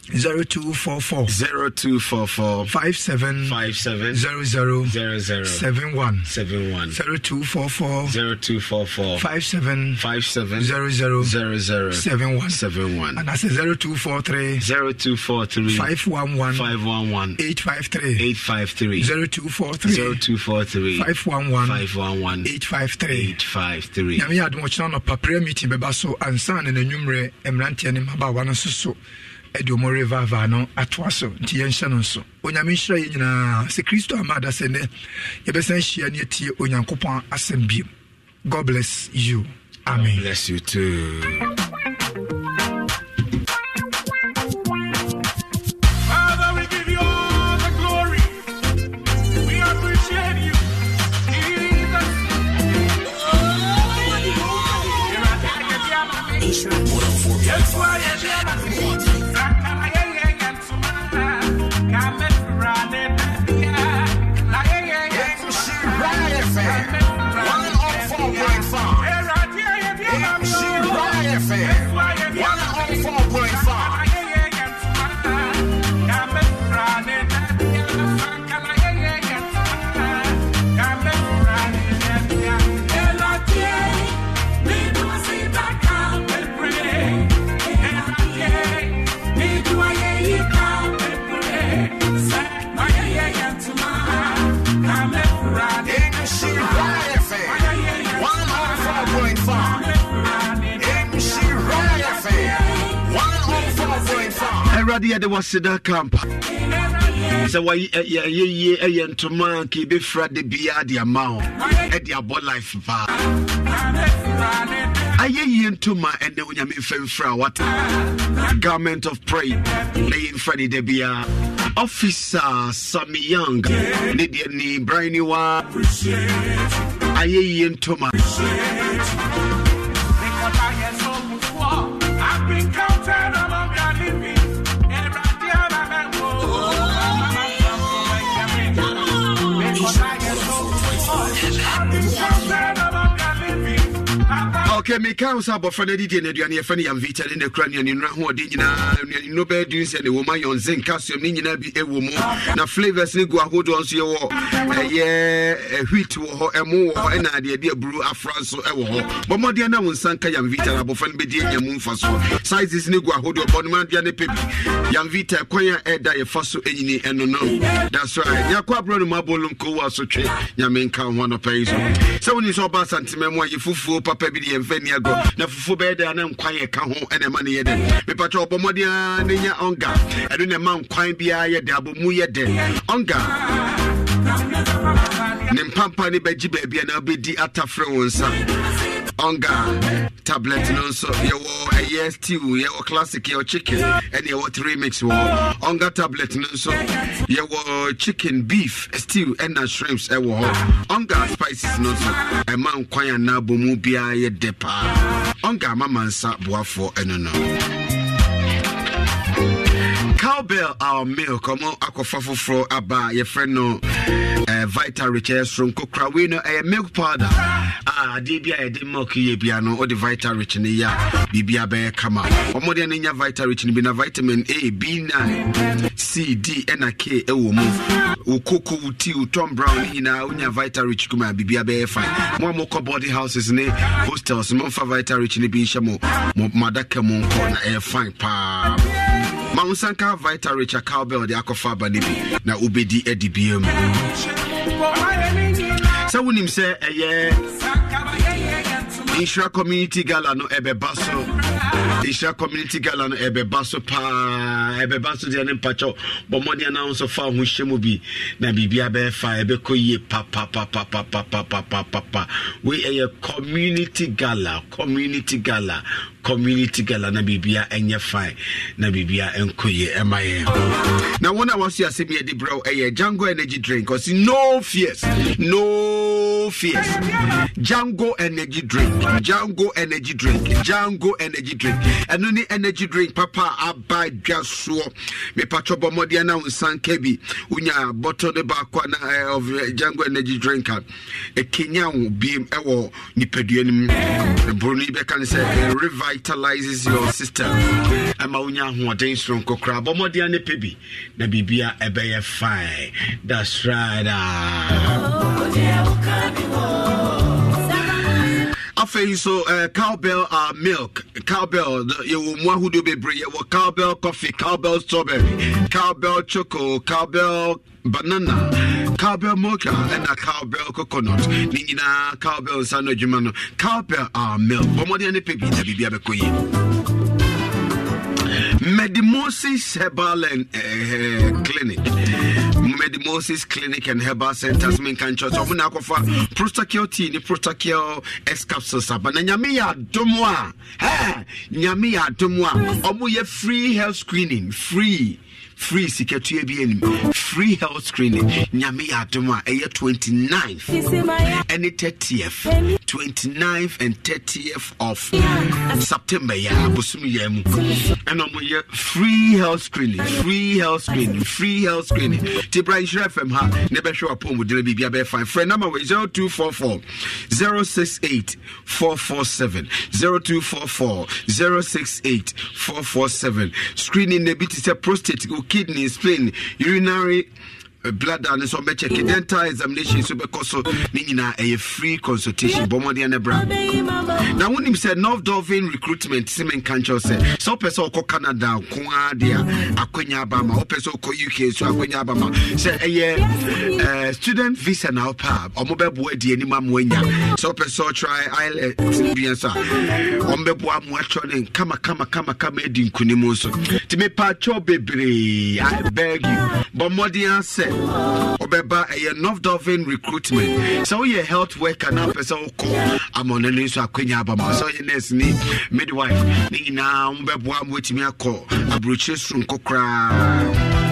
0244 0244 57 57 00 00 71 71 0244 0244 57 57 00 00 71 71 and that's 0243 0243 511 511 853 853 0243 0243 511 511 853 853 nyame yɛ adom ɔkyena nɔpa prayer meeting bɛba so ansa ne n'anwummerɛ mmeranteɛ ne mmabaawa no nso so ɛde ɔmo revival no atoa so nti yɛnhyɛ no nso onyame nhyira yɛ nyinaa sɛ kristo ama ada sɛ yɛbɛsan hyia ne atie onyankopɔn asɛm biom god bless you amen god bless you too. awurade yɛde waseda kampa sɛ wayɛyie ɛyɛ ntoma nka yɛbɛfira de biaa de ama wo ɛde abɔ life paa ayɛyie ntoma ɛnɛ onyame mfɛmfira wata garment of pray na yɛmfira ne da biaa officer Sammy Young, Nidia Ni Briny Wa, Aye Toma. Because I have so before, I've been coming. ok meka wo sɛ abɔfra no adidiɛ no aduane yɛfɛ no yamvitale ne kora nuanenura hoɔden nyinaa nuanino bɛɛ sɛ ne wɔ ma yɔnzen calcium ne nyinaa bi ɛwɔ mu na flavors ne gu ahodoɔ nso yɛwɔ ɛyɛ eh, wheat wɔ hɔ ɛmo wɔ hɔ ɛna adeɛde aburu afra nso ɛwɔ hɔ bɔmmɔdeɛ no wo nsa nka yamvitale abɔfra no bɛdi anya mu mfa so sizes ne gu ahodoɔ bɔnomadeɛ ne pɛbi yamvita kwan a ɛda yɛfa so ɛnyini ɛno no that's right nyakɔ aborɔ no mu abolo nkɔwu a so twe nyame nka ho anɔpɛ yi so sɛ woni sɛ ɔba asantema mu a yɛfufuo papa bi de yɛmfa bɛni agorɔ na fufuo bɛyɛ dɛ ne nkwan yɛ ka ho ɛna ɛma no yɛ dɛ mepatɛ ɔbɔ mmɔden a ne nya ɔnga ɛno na ɛma nkwan biara yɛ dɛ abɔmu yɛ dɛ ɔnga ne mpampa ne bɛgye baabia na wobɛdi atafrɛ wo nsa Onga tablet no nso yɛwɔ two eh, stew yɛwɔ classic yɛwɔ chicken ɛne yɛwɔ three mix wɔ ɔnga tablet no nso yɛwɔ chicken beef stew ɛna shrimps ɛwɔ eh, hɔ Onga spices no nso ɛma eh, nkwan na bomu biara yɛ dɛ Onga ɔnga mama nsa boafoɔ ɛno no cowbell our milk ɔmo akɔfa foforɔ aba yɛfrɛ no uh, eh, vital rich ɛyɛ soronko kora wei no ɛyɛ milk powder a adeɛ bi a yɛde milk yɛ bia no wode vital rich no yɛ a biribia bɛyɛ kama ɔmo deɛ no nya vital rich no bi na vitamin a b9 c d ɛna k ɛwɔ mu wo koko wo tea wo tom brown no nyinaa wonya vital rich kuma a biribia bɛyɛ fine mo a mokɔ body houses ne hostels momfa vital rich no bi nhyɛ mo madaka mu nkɔ na ɛyɛ fine paa ma wo nsanka richa cowbell de akɔfa aba no bi na wobɛdi adi bia mu sɛ wonim sɛ ɛyɛ insura community gala no ɛbɛba so nhyira community gala no ɛbɛba so paa ɛbɛba so deɛ ne mpakyɛw bɔ mmɔden na nso fa ho hyɛ mu bi na pa pa pa pa pa. We ɛyɛ community gala community gala community gala na biribia ɛnyɛ fine na biribia ɛnkɔ yie ɛma yɛn na wɔn a wɔso asɛm yɛ de brɛw ɛyɛ jango energy drink Cause no fears no fears jango energy drink jango energy drink jango energy drink ɛno ne energy drink papa aba dwa soɔ mepatwɔ bɔ mmɔdeɛ na nsanka bi wonya bɔtɔ no baako na eh, of eh, jango energy drink a ɛkenya wo biem ɛwɔ nipadua no mu boro no yi bɛka ne sɛ eh, revitalizes your system ɛma wonya ahoɔden soronko koraa bɔ mmɔdeɛ no pɛ bi na biribia ɛbɛyɛ fine that's right ah. oh, afei nso uh, cowbell uh, milk cowbell yɛwɔ mu ahodoɔ bebree yɛwɔ cowbell coffee cowbell strawberry cowbell choco cowbell banana cowbell mocha ɛna cowbell coconut ne nyinaa cowbell nsa no adwuma no cowbell uh, milk bɔmmɔden ne pɛ bi na biribi abɛkɔ yie Medimosis Herbal uh, eh, eh, Clinic. Mohammed Moses Clinic and Herbal Center mm-hmm. Minkan Church ɔmo na akɔfa mm-hmm. protocol tea ne protocol S capsules aba na nyame yɛ adom a ɛɛ nyame yɛ adom a ɔmo yɛ free health screening free. free sikatua bi anim free health screening nyame yɛ adom a ɛyɛ 29th ɛne 30th 29th and 30th of september yɛ I'm mu ɛna ɔmoyɛ free health screening free health screening free health screening nti bra nhyira fm ha ne bɛhwɛ wapɔmudena biribia bɛɛfa frɛ number wɔ 0244 068 447 0244 068 447 screening na bi te sɛ prostate Kidney, spleen, urinary blood and so bɛkyɛke dental examination so bɛkɔ so ne nyinaa ɛyɛ eh, free consultation bɔmmɔden no bra na wonim sɛ north dolphin recruitment se menka nkyɛw sɛ sɛ wopɛ canada ko a de a ma wopɛ sɛ uk so akwanya aba ma sɛ ɛyɛ student visa na wopɛ a ɔmo bɛboa adi anim amoa nya sɛ wopɛ sɛ wotry ilet bia so a ɔmo bɛboa amoa kyerɛ ne kama kama kama kama adi nkonim nso nti mepaakyɛw bebree i beg you bɔmmɔden asɛ wobɛba ɛyɛ eh, north dolphin recruitment sɛ woyɛ oh, health worker na pɛ sɛ wokɔ oh, amɔne no nso akwanya aba ma sɛ woyɛ oh, nurse ne midwife ne nyinaa mobɛboa ma woatumi akɔ aburokyire soronko koraa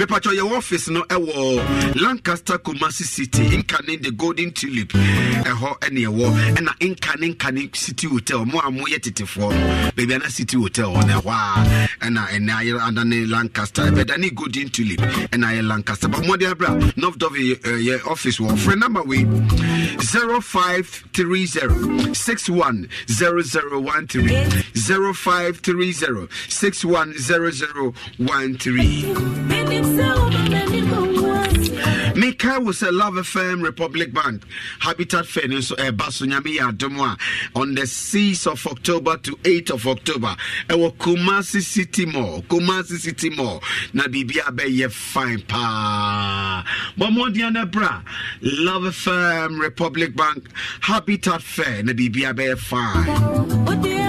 mepatwɛ yɛwɔ office no ɛwɔ eh, lancaster kumasi city nkane the golden tulip ɛhɔ eh, ɛne eh, ɛwɔ ɛna nkane nkane city hotel mo a ah, moyɛ tetefoɔ no baabi ana city hotel hɔ no ɛhɔ a ɛna ɛnɛ adane lancaster ɛbɛdane golden tulip ɛna lancaster but mmɔde abrɛ north dove yɛ office wɔ frɛ number wei 0530 61 0530 61 meka wo sɛ love fm republic bank habitat fair eh, in nso ɛba so nyame yɛ adom a on the 6 of october to 8 of october ɛwɔ kumasi city mall kumasi city mall na biribia bɛyɛ fine paa bɔmmɔden no bra love fm republic bank habitat fair na biribia bɛyɛ fine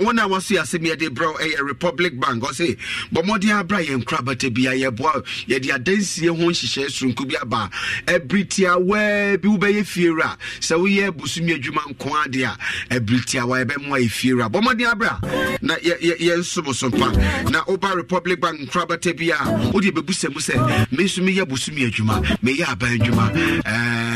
wɔn a wɔso yɛ asɛm yɛde brɛ ɛyɛ republic bank ɔse bɔ mmɔden abra yɛn korabata bi a yɛboa yɛde adansie ho nhyehyɛ sononko bi aba ɛbiri tiawa bi wobɛyɛ fiewura sɛ woyɛ busumi adwuma nko ade a ɛbiri tiawa yɛbɛmoa yɛ fiewura bɔ mmɔden abra na yɛnsom so mpa na woba republic bank nkorabata bi a wode bɛbusɛ mu sɛ me nso meyɛ busumi adwuma meyɛ aban adwuma ɛɛ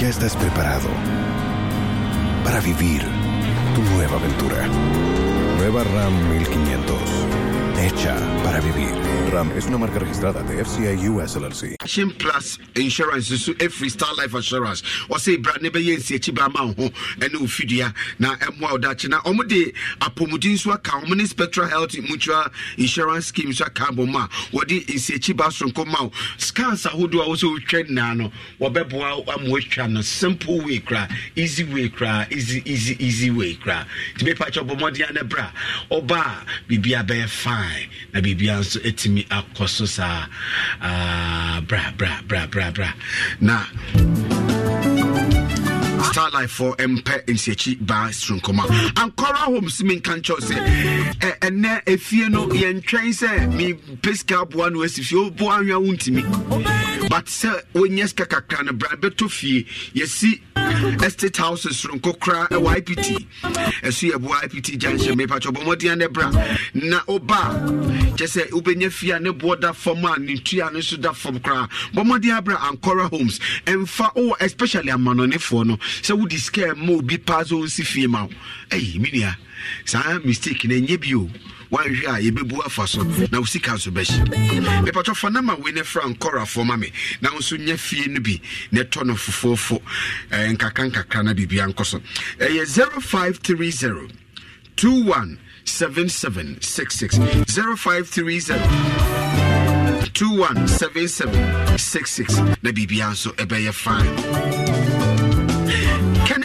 ya estás preparado para vivir tu nueva aventura. Nueva RAM 1500. hecha para vivir. Ram es una marca registrada de FCI US LLC. Shin Plus Insurance is a Star Life Assurance. Or say brand neighbor yes, Chibama, and Ufidia, now Emwa eh, Dachina, Omode, Apomudinsu, Kaumani Spectral Health Mutual Insurance Scheme, Sakaboma, what is a Chibasron Komau. Scans are who do also train Nano, Wabebwa, Amwechan, simple way cry, easy way cry, easy, easy, easy way cry. To be patch up Omodiana Bra, Oba, Bibia Bear Fine. ae na biribia nso atumi akɔ so saa ah, bra bra bra bra bra na starlight for mpɛ nsiakyi baa sronkoma ankɔra home so menka nkyɛw sɛ ɛnɛ in no yɛntwɛn sɛ mepɛ one aboa if asi fie woboa anwea wontimi but sɛ ɔnyɛ sika kakra no bra bɛtɔ fie yɛsi estate houses soronko kora ɛwɔ ipt ɛso yɛboa ipt junction mepakyɛ bɔmmɔden ne bra na woba kyɛ sɛ wobɛnya fie a ne boɔ da fam a ne ntua no nso da fam koraa bɔmmɔden abra ancora homes ɛmfa wowɔ especially amanɔnefoɔ no sɛ wode sika ma obi paa sɛ ɔnsi fie ma wo ɛyi menua saa mistake no ɛnyɛ bio woahwehwɛ a yɛbɛbu afa so na wo sika nso bɛhye mepatɔ fa nama wei ne fra nkɔrafoɔ ma me na wo nso nya fie no bi na ɛtɔ no fofoofo nkakra nkakra na biribia nkɔ so ɛyɛ 0530 21 7766 0530 217766 na biribia nso ɛbɛyɛ fine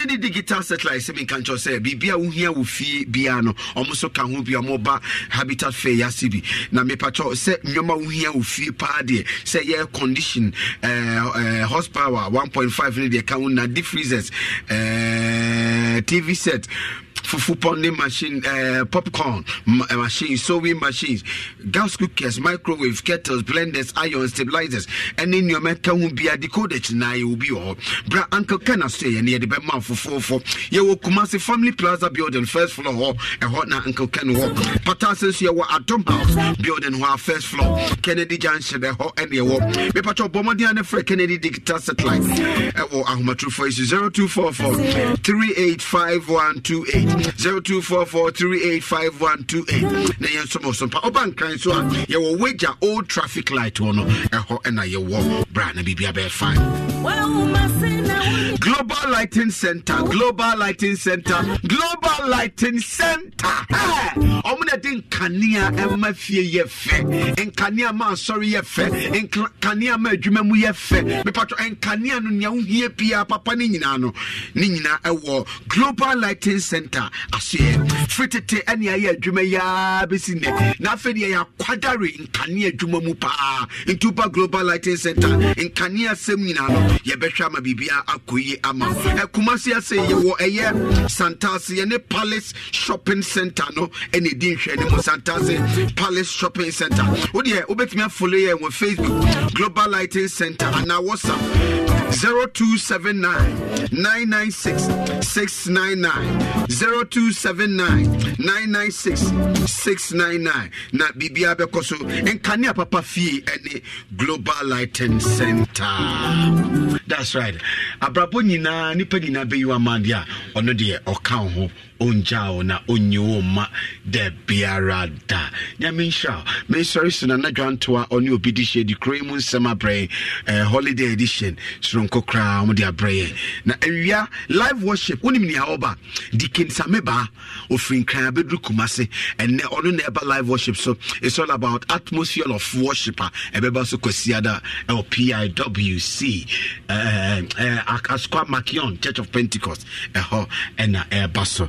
ne de digital satellite sɛ menka nkyɛw sɛ biribia wohia wɔ fie biaa no ɔmo so ka ho bi ɔmɔba habitat fɛ yɛase bi na mepakyɛw sɛ nnwoma wohia wɔ fie paa deɛ sɛ yɛ condition uh, uh, horsepower 1.5 ne deɛ ka ho na defreezers uh, tv set fufu pounding machine, uh, popcorn ma- eh, machines, sewing machines, gas cookers, microwave, kettles, blenders, iron stabilizers, and in your mental will be a decoder. Now you will be all. Bra Uncle Kana say, and near the Batman for four four. You will come as a family plaza building, first floor, eh, hall, and hot now Uncle Ken walk. Patasis, you were at Tom House building, who first floor, Kennedy Junction, the hall, and you walk. Mepacho Bomadi and the Fred Kennedy digital satellite. Or oh, Ahmatrufo is 0244 385 0244385128 na yɛn nso mɔsompa ɔbankran so a yɛwɔ wagya old traffic light wɔ no ɛhɔ ɛna yɛwɔ bra na biribia bɛɛ fine Global Lighting Center, Global Lighting Center, Global Lighting Center. Ọmọ náà di nkanea ẹ̀ma fie yẹ fẹ́, ma sorry sọ̀rọ̀ yẹ fẹ́, ma máa adwuma mu yẹ fẹ́. Mipatro nkanea no nea ohie pia papa ne nyinaa no ne nyinaa ɛwɔ Global Lighting Center aseɛ. Firi tete ɛne ayɛ adwuma ya bisine. nnɛ. N'afɛ deɛ yɛ akwadare nkanea adwuma mu paa. Ntuba Global Lighting Center nkanea sɛm nyinaa no yɛbɛhwɛ ama biribiara akɔ ama ase ɛyɛ palace shopping center no ɛna edi nhwɛ ne mu palace shopping center o deɛ afolo yɛ wɔ facebook global lighting center 0279 996 699 0279 996 699 na bɛkɔ so nkanea papa fie global lighting center that's right abrabɔ nyinaa nipa nyinaa bɛyi wa amaade a ɔno deɛ ɔka ho ɔngya wo na ɔnyi wo mma da biara da nyame nhyira mesɔre so na nadwantoa ɔne obi de hyɛ kuro yi mu nsɛm abrɛ eh, holiday edition soronko koraa ɔmde abrɛ na awia live worship wonim nea ɔba dikin same baa ɔfiri nkran abɛduru kuma se ɛnɛ ɔno na ɛba live worship so it's all about atmosphere of worship a ɛbɛba so kwasiada ɛwɔ piwc uh, uh, makion church of pentecost ɛhɔ ɛna ɛba so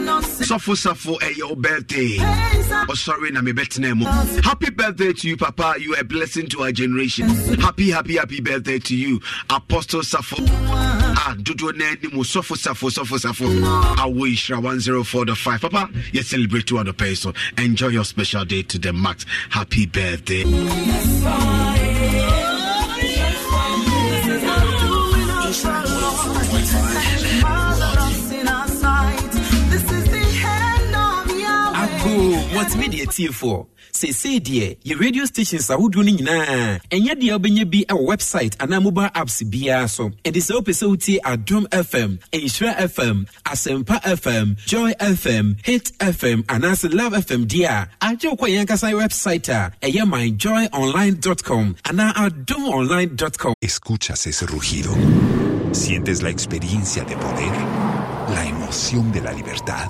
Safu safu ɛyɛ your birthday ɔsɔre oh, na mebɛtena nemo. happy birthday to you papa you are a blessing to our generation happy happy happy birthday to you apostle do a dodoɔ no anim safu safu safu safo awɔ yihyira 104.5 papa You celebrate two hundred pesos. so enjoy your special day to the max happy birthday wɔtumi deɛ Se, seesei deɛ yɛ radio stations ahodoɔ no nyinaa ɛnyɛ deɛ wobɛnya bi a website anaa mobile apps biara so ɛde sɛ wopɛ sɛ wotie adom fm nhyira fm Asempa fm joy fm hit fm anaasɛ love fm deɛ a agye wokɔ yɛn website a ɛyɛ myjoyonline.com anaa adomonline.com escuchas ese rugido sientes la experiencia de poder la emoción de la libertad